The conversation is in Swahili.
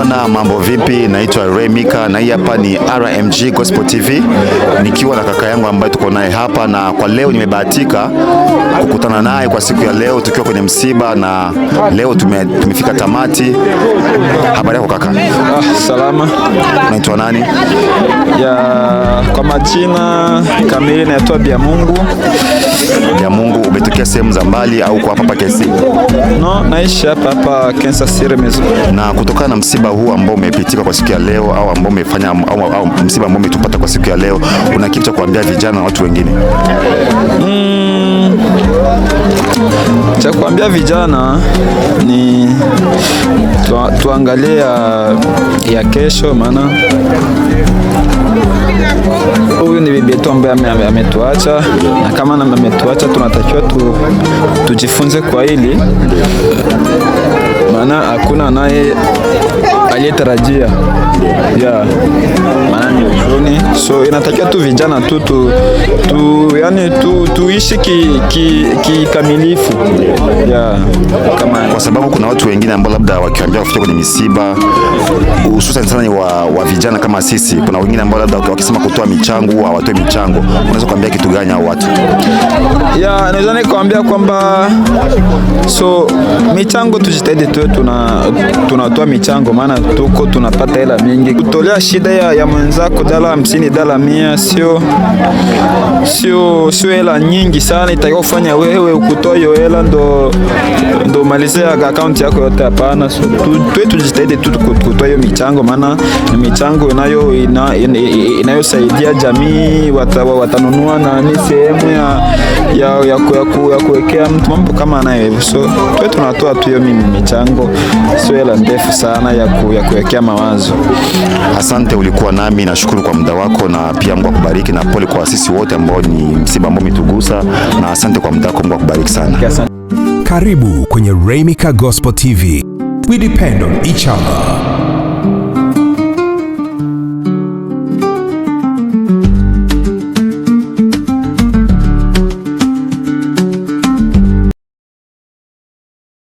Bwana, mambo vipi? Naitwa Remika na hii hapa ni RMG Gospel TV nikiwa na kaka yangu ambaye tuko naye hapa, na kwa leo nimebahatika kukutana naye kwa siku ya leo tukiwa kwenye msiba, na leo tume, tumefika tamati. Habari yako kaka? Ah, salama. Unaitwa nani? Ya, kwa majina kamili naitwa Bia Mungu ya Mungu umetokea sehemu za mbali au kwa hapa KC? No, naishi hapa hapa Kansas City Na kutokana na msiba huu ambao umepitika kwa siku ya leo au ambao umefanya au, au msiba ambao umetupata kwa siku ya leo, una kitu cha kuambia vijana na watu wengine? Mm, cha kuambia vijana ni tuangalie ya kesho maana wetu ambaye ametuacha, na kama ametuacha tunatakiwa tujifunze kwa hili maana hakuna naye aliyetarajia ya Maana ni huzuni, so inatakiwa tu vijana tu tu, tu yani tu tuishi kikamilifu ki, ki ya Kama kwa sababu kuna watu wengine ambao labda wakiambia wafikia kwenye misiba hususan sana ni wa, wa vijana kama sisi, kuna wengine ambao labda wakisema kutoa michango au watoe michango, unaweza kuambia kitu gani hao watu? ya naweza nikaambia kwamba so michango tujitahidi tu tuna tunatoa michango, maana tuko tunapata hela mingi. Kutolea shida ya, ya mwenzako dala hamsini dala mia sio sio sio hela nyingi sana, itakiwa kufanya wewe ukutoa hiyo hela ndo ndo malize akaunti yako yote. Hapana, twe tujitahidi tu kutoa hiyo michango, maana ni michango inayosaidia jamii, watanunua nani sehemu ya ya kuwekea mtu mambo kama nayo hivyo, so twe tunatoa tu hiyo michango, sio hela ndefu sana ya kuwekea mawazo. Asante, ulikuwa nami, nashukuru kwa muda wako, na pia Mungu akubariki, na pole kwa sisi wote ambao ni msiba ambao umetugusa, na asante kwa muda wako, Mungu akubariki sana. Karibu kwenye Remika Gospel TV. We depend on each other.